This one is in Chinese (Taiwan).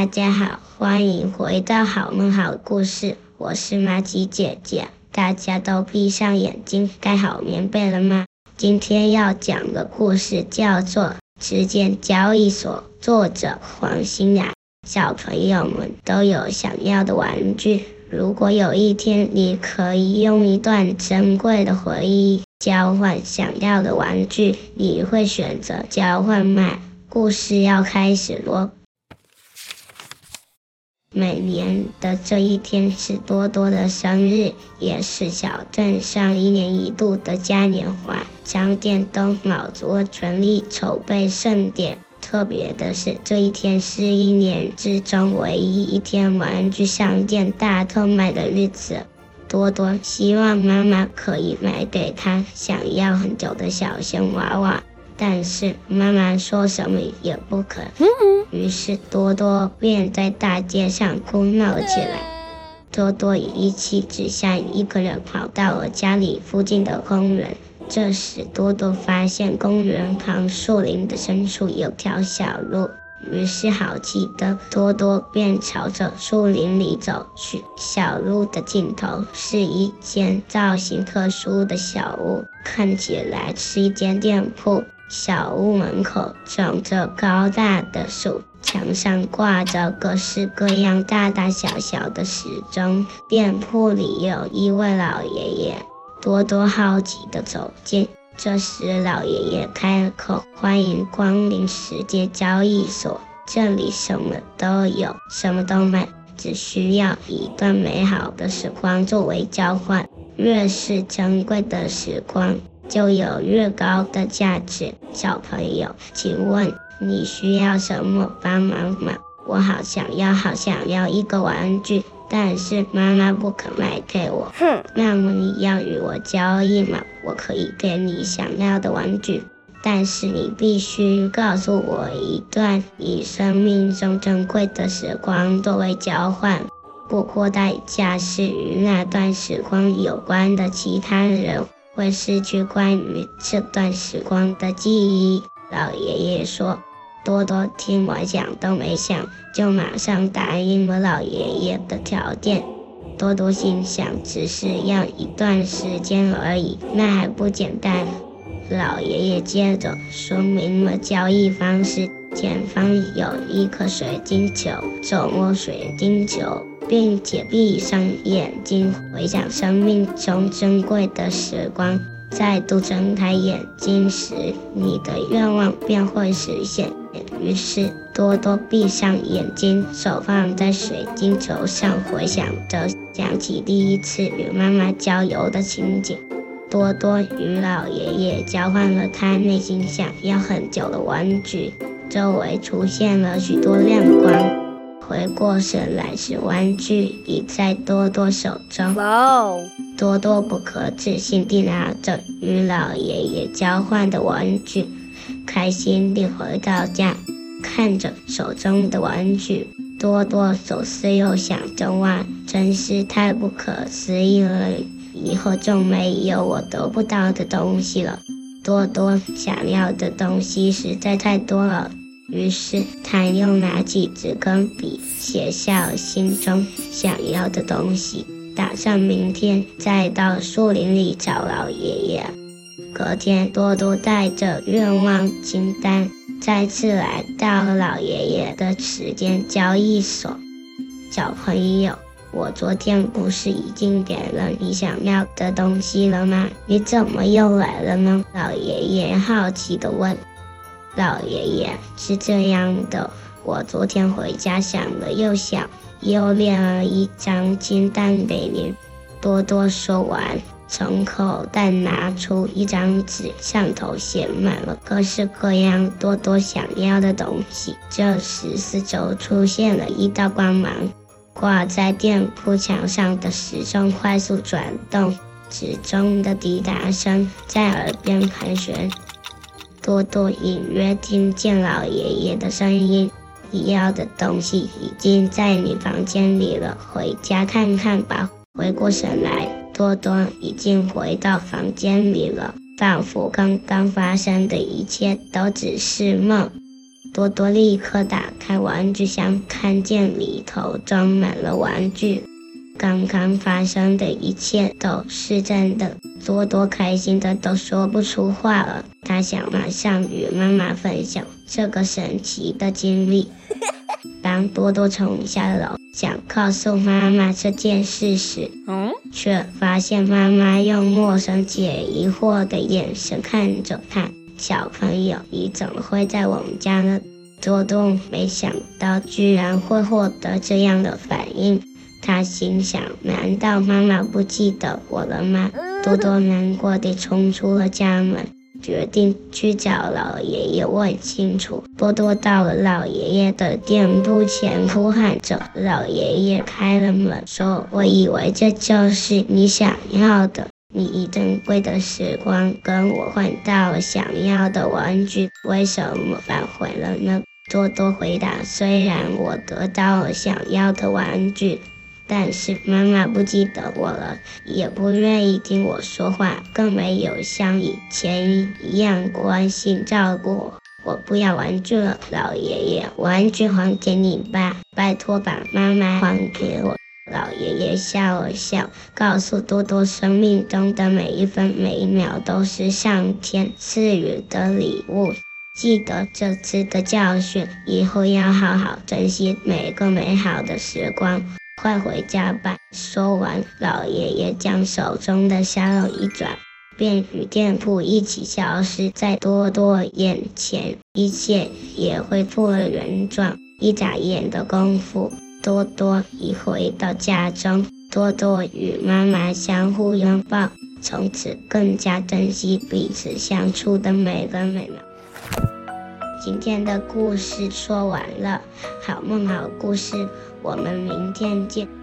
大家好，歡迎回到好夢好故事，我是瑪吉姐姐。大家都閉上眼睛，蓋好棉被了嗎？今天要講的故事叫做《時間交易所》，作者黃歆雅。小朋友們都有想要的玩具，如果有一天你可以用一段珍貴的回憶交換想要的玩具，你會選擇交換嗎？故事要開始咯。每年的這一天是多多的生日，也是小鎮上一年一度的嘉年華。商店都卯足了全力籌備盛典。特別的是，這一天是一年之中唯一一天玩具商店大特賣的日子。多多希望媽媽可以買給她想要很久的小熊娃娃。但是媽媽說什麼也不肯，於是多多便在大街上哭鬧起來。多多一氣之下，一個人跑到了家裡附近的公園。這時，多多發現公園旁樹林的深處有條小路，於是好奇的多多便朝着樹林裡走去。小路的盡頭是一間造型特殊的小屋，看起來是一間店鋪。小屋門口長着高大的樹，牆上掛着各式各樣大大小小的時鐘。店鋪裡有一位老爺爺，多多好奇地走進。這時，老爺爺開了口：“歡迎光臨時間交易所，這裡什麼都有，什麼都賣，只需要一段美好的時光作為交換。越是珍貴的時光。”就有越高的價值。小朋友，請問你需要什麼幫忙嗎？我好想要，好想要一個玩具，但是媽媽不肯賣給我。哼！那麼你要與我交易嗎？我可以給你想要的玩具，但是你必須告訴我一段以生命中珍貴的時光作為交換，不過代價是與那段時光有關的其他人。會失去關於這段時光的記憶。老爺爺說：“多多聽完想都沒想，就馬上答應了老爺爺的條件。”多多心想：“只是要一段時間而已，那還不簡單？”老爺爺接着說明了交易方式，前方有一顆水晶球，手摸水晶球，並且閉上眼睛，回想生命中珍貴的時光。再度睜開眼睛時，你的願望便會實現。於是，多多閉上眼睛，手放在水晶球上，回想着想起第一次與媽媽郊遊的情景。多多與老爺爺交換了他內心想要很久的玩具，周圍出現了許多亮光。回過神來時，玩具已在多多手中。Wow. 多多不可置信地拿着與老爺爺交換的玩具，開心地回到家，看着手中的玩具，多多左思右想，中啊，真是太不可思議了，以後就沒有我得不到的東西了。多多想要的東西實在太多了。於是，他又拿起紙跟筆，寫下心中想要的東西，打算明天再到樹林裡找老爺爺。隔天，多多帶着願望清單再次來到老爺爺的時間交易所。小朋友，我昨天不是已經給了你想要的東西了嗎？你怎麼又來了呢？老爺爺好奇地問。老爺爺是這樣的，我昨天回家想了又想，又煉了一張金蛋給您。多多說完，從口袋拿出一張紙，上頭寫滿了各式各樣多多想要的東西。這時四周出現了一道光芒，掛在店鋪牆上的時鐘快速轉動，時鐘的滴答聲在耳邊盤旋。多多隱約聽見老爺爺的聲音：“你要的東西已經在你房間裡了，回家看看吧。”回過神來，多多已經回到房間裡了，仿佛剛剛發生的一切都只是夢。多多立刻打開玩具箱，看見裡頭裝滿了玩具，剛剛發生的一切都是真的。多多開心的都說不出話了。他想馬上與媽媽分享這個神奇的經歷。當多多衝下樓，想告訴媽媽這件事時，嗯，卻發現媽媽用陌生且疑惑的眼神看着他。小朋友，你怎麼會在我們家呢？多多沒想到居然會獲得這樣的反應。他心想，難道媽媽不記得我了嗎？多多難過地衝出了家門。決定去找老爺爺問清楚。多多到了老爺爺的店鋪前，呼喊着。老爺爺開了門，說：“我以為這就是你想要的，你以珍貴的時光跟我換到想要的玩具，為什麼反悔了呢？”多多回答：“雖然我得到了想要的玩具。”但是媽媽不記得我了，也不願意聽我說話，更沒有像以前一樣關心照顧我。我不要玩具了，老爺爺，玩具還給你吧，拜託把媽媽還給我。老爺爺笑了笑，告訴多多：生命中的每一分每一秒都是上天賜予的禮物，記得這次的教訓，以後要好好珍惜每個美好的時光。快回家吧！說完，老爺爺將手中的沙漏一轉，便與店鋪一起消失在多多眼前。一切也恢復了原狀。一眨眼的功夫，多多已回到家中。多多與媽媽相互擁抱，從此更加珍惜彼此相處的每分每秒。今天的故事說完了，好夢好故事，我們明天見。